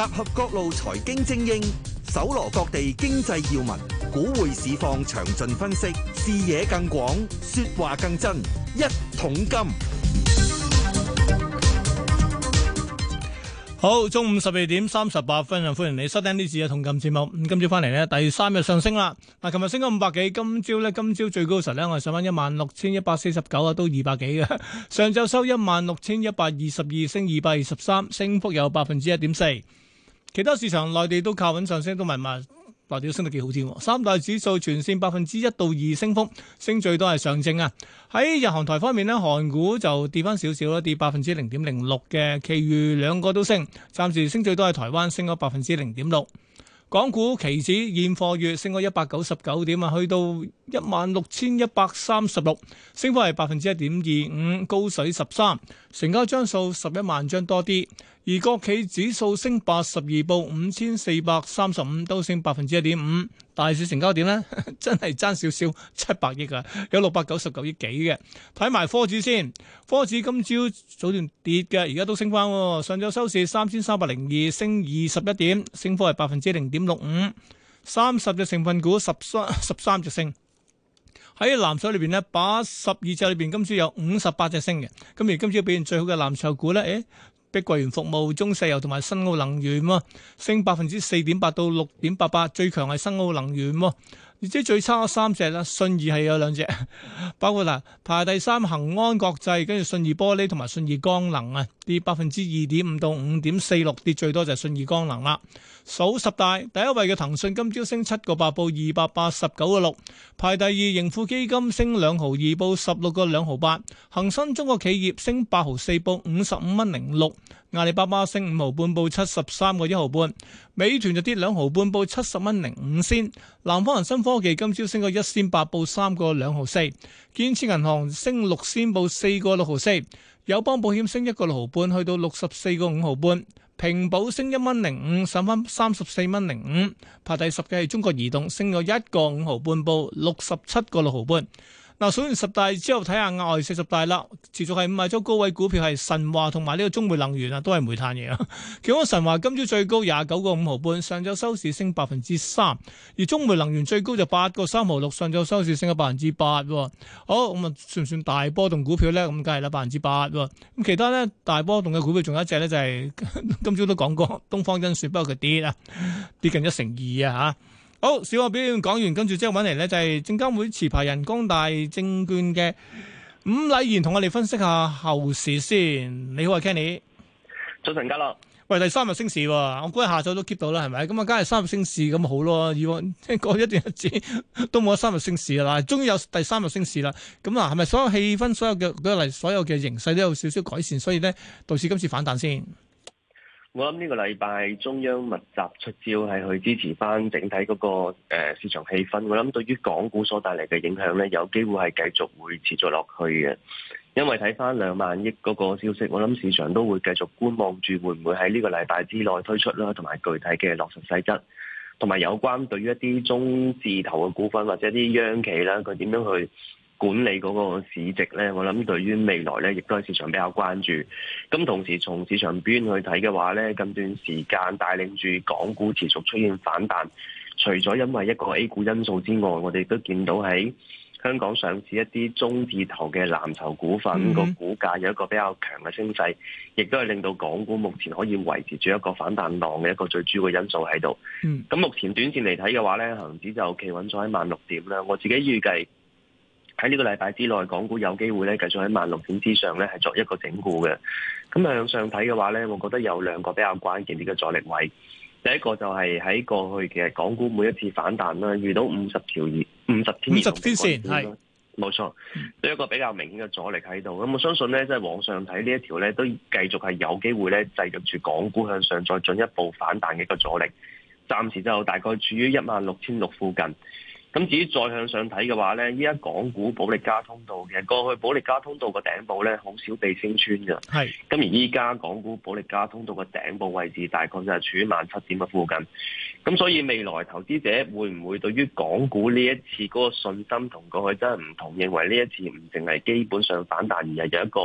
集合各路財經精英，搜羅各地經濟要聞，股匯市況詳盡分析，視野更廣，說話更真。一桶金，好，中午十二點三十八分啊！歡迎你收聽呢次嘅同感節目。今朝翻嚟呢，第三日上升啦。嗱，琴日升咗五百幾，今朝呢，今朝最高時呢，我哋上翻一萬六千一百四十九啊，都二百幾嘅。上晝收一萬六千一百二十二，升二百二十三，升幅有百分之一點四。其他市場內地都靠穩上升，都咪話內地都升得幾好添？三大指數全線百分之一到二升幅，升最多係上證啊！喺日韓台方面呢，韓股就跌返少少啦，跌百分之零點零六嘅，其餘兩個都升，暫時升最多係台灣，升咗百分之零點六。港股期指現貨月升咗一百九十九點啊，去到一萬六千一百三十六，升幅係百分之一點二五，高水十三，成交張數十一萬張多啲。而國企指數升八十二，報五千四百三十五，都升百分之一點五。大市成交點呢， 真係爭少少七百億啊，有六百九十九億幾嘅。睇埋科指先，科指今朝早段跌嘅，而家都升翻。上晝收市三千三百零二，升二十一點，升幅係百分之零點六五。三十隻成分股，十三十三隻升。喺藍籌裏邊呢，八十二隻裏邊，今朝有五十八隻升嘅。咁而今朝表現最好嘅藍籌股呢，誒。碧桂園服務、中石油同埋新奧能源升百分之四點八到六點八八，最強係新奧能源喎。而即最差嘅三隻啦，信義係有兩隻，包括嗱排第三恒安國際，跟住信義玻璃同埋信義光能啊，跌百分之二點五到五點四六，跌最多就係信義光能啦。數十大第一位嘅騰訊今朝升七個八，報二百八十九個六。排第二盈富基金升兩毫二，報十六個兩毫八。恒生中國企業升八毫四，報五十五蚊零六。阿里巴巴升五毫半，報七十三個一毫半。美團就跌兩毫半，報七十蚊零五仙。南方恒生科技今朝升個一仙八，報三個兩毫四。建設銀行升六仙，報四個六毫四。友邦保險升一個六毫半，去到六十四個五毫半。平保升一蚊零五，上翻三十四蚊零五，排第十嘅係中國移動，升咗一個五毫半，報六十七個六毫半。嗱，數完十大之後，睇下額外四十大啦，持續係買咗高位股票，係神華同埋呢個中煤能源啊，都係煤炭嘢啊。 其中神華今朝最高廿九個五毫半，上晝收市升百分之三，而中煤能源最高就八個三毫六，上晝收市升咗百分之八。好，咁啊算唔算大波動股票咧？咁梗係啦，百分之八。咁其他咧，大波動嘅股票仲有一隻咧，就係、係、 今朝都講過，東方甄選，不過佢跌，跌啊，跌近一成二啊嚇。好，小學表演講完，跟住之後搵嚟咧，就係證監會持牌人工大證券嘅伍禮賢，同我哋分析下後市先。你好啊，Kenny，早晨家，家樂。喂，第三日升市，啊，我估下晝都 keep 到啦，係咪？咁啊，梗係三日升市咁好咯。以往過一段日子都冇得三日升市啦，終於有第三日升市啦。咁嗱，係咪所有氣氛、所有嘅嗰嚟、所有嘅形勢都有少少改善？所以咧，導致今次反彈先。我諗呢個禮拜中央密集出招，係去支持翻整體嗰個誒市場氣氛。我諗對於港股所帶嚟嘅影響呢，有機會係繼續會持續落去嘅。因為睇翻兩萬億嗰個消息，我諗市場都會繼續觀望住，會唔會喺呢個禮拜之內推出啦，同埋具體嘅落實細則，同埋有關對於一啲中字頭嘅股份或者一啲央企啦，佢點樣去？管理嗰個市值咧，我諗對於未來咧，亦都係市場比較關注。咁同時從市場邊去睇嘅話咧，近段時間帶領住港股持續出現反彈，除咗因為一個 A 股因素之外，我哋都見到喺香港上市一啲中字頭嘅藍籌股份個、mm hmm. 股價有一個比較強嘅升勢，亦都係令到港股目前可以維持住一個反彈浪嘅一個最主要嘅因素喺度。咁、mm hmm. 目前短線嚟睇嘅話咧，恒指就企穩咗喺萬六點啦。我自己預計。喺呢個禮拜之內，港股有機會咧繼續喺萬六點之上咧，係作一個整固嘅。咁向上睇嘅話咧，我覺得有兩個比較關鍵啲嘅阻力位。第一個就係喺過去其實港股每一次反彈啦，遇到五十條五十天五十天線，係冇錯，50, 000，冇錯一個比較明顯嘅阻力喺度。咁、嗯、我相信咧，即、就、係、是、往上睇呢一條咧，都繼續係有機會咧，制約住港股向上再進一步反彈嘅一個阻力。暫時就大概處於一萬六千六附近。咁至於再向上睇嘅話咧，依家港股保利加通道，其實過去保利加通道嘅頂部咧，好少被升穿㗎。係是。咁而依家港股保利加通道嘅頂部位置，大概就係處於萬七點嘅附近。咁所以未來投資者會唔會對於港股呢一次嗰個信心同過去真係唔同，認為呢一次唔淨係基本上反彈，而係有一個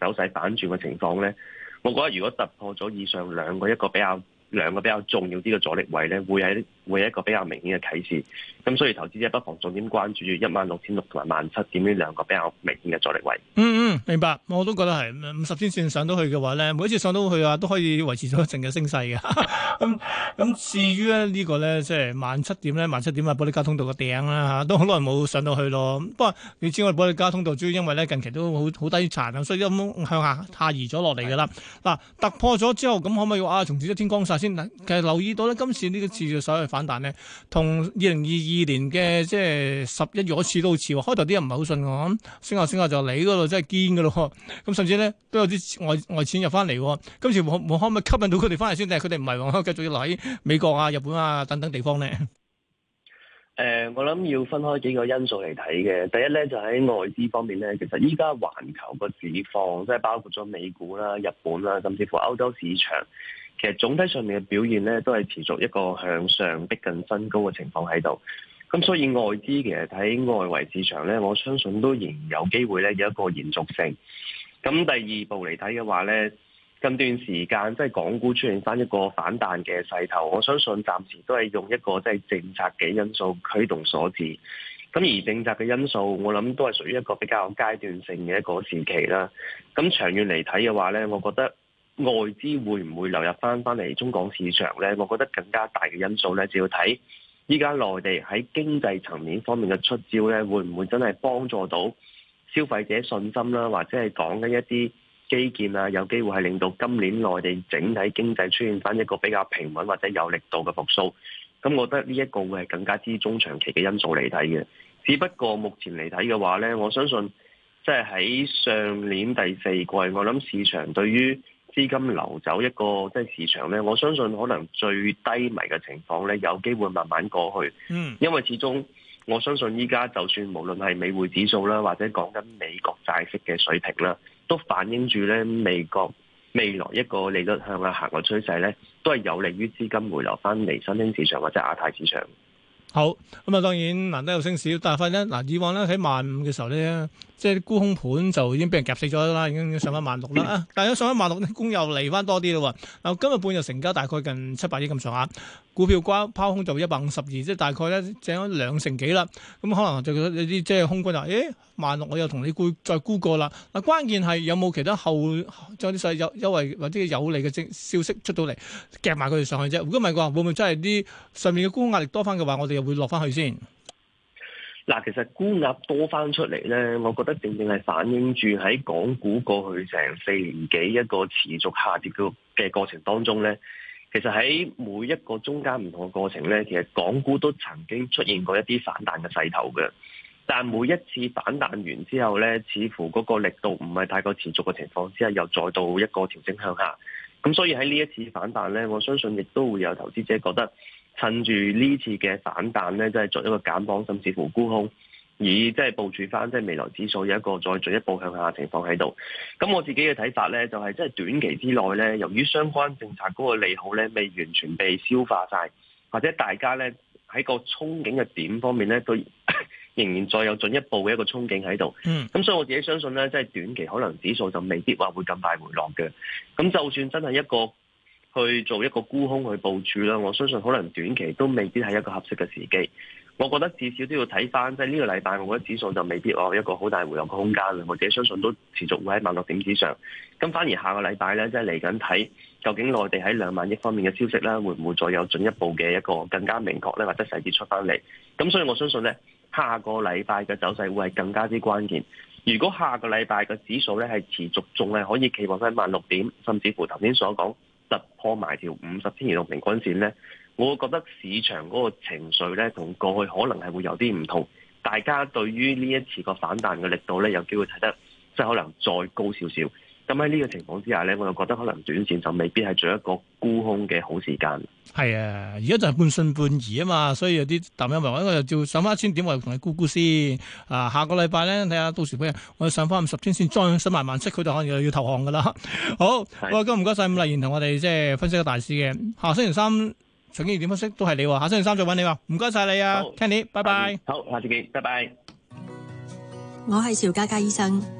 走勢反轉嘅情況咧？我覺得如果突破咗以上兩個一個比較兩個比較重要啲嘅阻力位咧，會喺。會一個比較明顯嘅啟示，咁所以投資者不妨重點關注住一萬六千六同埋萬七點呢兩個比較明顯嘅阻力位。嗯嗯，明白，我都覺得係五十天線上到去嘅話咧，每一次上到去啊都可以維持咗一陣嘅升勢嘅。咁咁、 嗯嗯、至於咧呢個咧，即係萬七點咧，萬七點啊保歷加通道嘅頂啦吓，都好耐冇上到去咯。不過你知我哋保歷加通道主要因為咧近期都好好低殘啊，所以都向下下移咗落嚟噶啦。嗱，突破咗之後，咁可唔可以話、啊、從此一天光晒先？其實留意到咧，今次呢個次續上去但咧，同二零二二年嘅即係十一月，我似都好似喎。開頭啲人唔係好信我咁，升下升下就你嗰度真係堅噶咯。咁甚至咧都有啲外外錢入翻嚟。今次可唔可以吸引到佢哋翻嚟先？定係佢哋唔係，繼續要留喺美國啊、日本啊等等地方咧？誒、呃，我諗要分開幾個因素嚟睇嘅。第一咧就喺外資方面咧，其實依家環球個市況，即係包括咗美股啦、啊、日本啦、啊，甚至乎歐洲市場。其實總體上面嘅表現咧，都係持續一個向上逼近新高嘅情況喺度。咁所以外資其實喺外圍市場咧，我相信都仍有機會咧有一個延續性。咁第二步嚟睇嘅話咧，近段時間即係、就是、港股出現翻一個反彈嘅勢頭，我相信暫時都係用一個即係政策嘅因素驅動所致。咁而政策嘅因素，我諗都係屬於一個比較階段性嘅一個時期啦。咁長遠嚟睇嘅話咧，我覺得，外資會唔會流入翻翻嚟中港市場呢？我覺得更加大嘅因素呢，就要睇依家內地喺經濟層面方面嘅出招呢，會唔會真係幫助到消費者信心啦？或者係講緊一啲基建啊，有機會係令到今年內地整體經濟出現翻一個比較平穩或者有力度嘅復甦。咁我覺得呢一個會係更加之中長期嘅因素嚟睇嘅。只不過目前嚟睇嘅話呢，我相信即係喺上年第四季，我諗市場對於資金流走一個即係市場呢，我相信可能最低迷嘅情況呢，有機會慢慢過去。嗯，因為始終我相信依家就算無論係美匯指數啦，或者講緊美國債息嘅水平啦，都反映住呢美國未來一個利率向下行嘅趨勢呢，都係有利於資金回流翻嚟新興市場或者亞太市場。好，咁啊當然難得有升市。但係發現呢，以往呢，喺萬五嘅時候呢。即係沽空盤就已經俾人夾死咗啦，已經上翻萬六啦。但係上翻萬六咧，供又嚟翻多啲咯。嗱，今日半日成交大概近七百億咁上下，股票瓜拋空就一百五十二，即係大概咧整咗兩成幾啦。咁可能就有啲即係空軍話，誒萬六，000，我又同你沽再沽過啦。嗱，關鍵係有冇其他後將啲細優優惠或者有利嘅消息出到嚟夾埋佢哋上去啫。如果唔係嘅話，會唔會真係啲上面嘅沽空壓力多翻嘅話，我哋又會落翻去先？嗱，其實沽壓多翻出嚟呢，我覺得正正係反映住喺港股過去成四年幾一個持續下跌嘅嘅過程當中呢，其實喺每一個中間唔同嘅過程呢，其實港股都曾經出現過一啲反彈嘅勢頭嘅，但每一次反彈完之後呢，似乎嗰個力度唔係太過持續嘅情況之下，又再度一個調整向下，咁所以喺呢一次反彈呢，我相信亦都會有投資者覺得，趁住呢次嘅反彈呢，即係做一個減磅，甚至乎沽空，以即係部署翻，即係未來指數有一個再進一步向下情況喺度。咁我自己嘅睇法呢、就是，就係即係短期之內呢，由於相關政策嗰個利好呢未完全被消化晒，或者大家呢喺個憧憬嘅點方面呢都 仍然再有進一步嘅一個憧憬喺度。咁所以我自己相信呢，即係短期可能指數就未必話會咁快回落嘅。咁就算真係一個。去做一個沽空去部署啦。我相信可能短期都未必係一個合適嘅時機。我覺得至少都要睇翻，即係呢個禮拜，我覺得指數就未必有一個好大回落嘅空間啦。我自己相信都持續會喺萬六點之上。咁反而下個禮拜咧，即係嚟緊睇究竟內地喺兩萬億方面嘅消息咧，會唔會再有進一步嘅一個更加明確咧，或者細節出翻嚟？咁所以我相信咧，下個禮拜嘅走勢會係更加之關鍵。如果下個禮拜嘅指數咧係持續仲係可以期望喺萬六點，甚至乎頭先所講。突破埋條五十天移動平均線咧，我覺得市場嗰個情緒咧，同過去可能係會有啲唔同。大家對於呢一次個反彈嘅力度咧，有機會睇得即係可能再高少少。咁喺呢個情況之下咧，我就覺得可能短線就未必係做一個沽空嘅好時間。係啊，而家就係半信半疑啊嘛，所以有啲啖，因為我又照上翻一千點，我同你沽沽先。啊，下個禮拜咧，睇下到時候點，我上翻五十天先，再上埋萬七，佢就可能又要投降噶啦。好，咁唔該晒。伍禮賢同我哋即係分析個大市嘅。下星期三曾經點分析都係你喎，啊，下星期三再揾你啊！唔該晒你啊好，Kenny，拜拜。好，下次見，拜拜。我係邵嘉嘉醫生。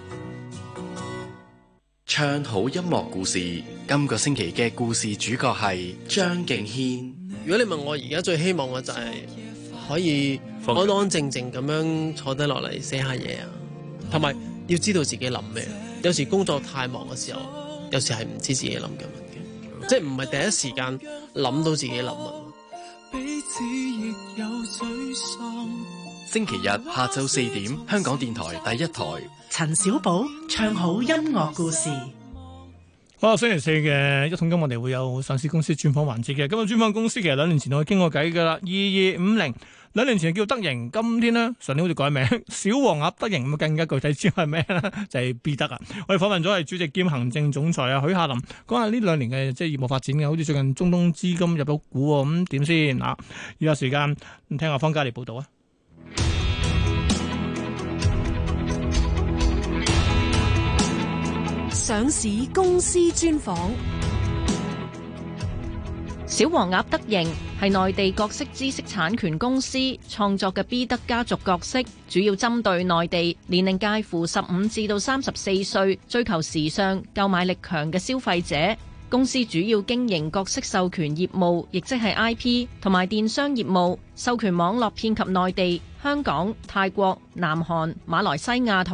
唱好音樂故事，今個星期嘅故事主角係張敬軒。如果你問我而家最希望嘅就係可以安安靜靜咁樣坐低落嚟寫下嘢啊，同埋要知道自己諗咩。有時工作太忙嘅時候，有時係唔知自己諗緊乜嘅，即係唔係第一時間諗到自己諗乜。 星期日下晝四點，香港電台第一台。陳小寶唱好音樂故事。好喇，星期四嘅一桶金，我哋會有上市公司專訪環節嘅。咁啊，專訪公司其實兩年前我哋傾過偈噶啦。二二五零，兩年前叫德盈，今天呢，上年好似改名小黃鴨德盈。咁更加具體知係咩呢，就係必得啊！我哋訪問咗係主席兼行政總裁啊，許夏林講下呢兩年嘅即係業務發展嘅，好似最近中東資金入咗股咁點先嗱？以下時間聽下方家麗報道啊。上市公司專訪，小黃鴨德盈係內地角色知識產權公司創作嘅 B 德家族角色，主要針對內地年齡介乎十五至到三十四歲，追求時尚、購買力強嘅消費者。公司主要經營角色授權業務，亦即係 IP 同埋電商業務，授權網絡遍及內地、香港、泰國、南韓、馬來西亞同埋。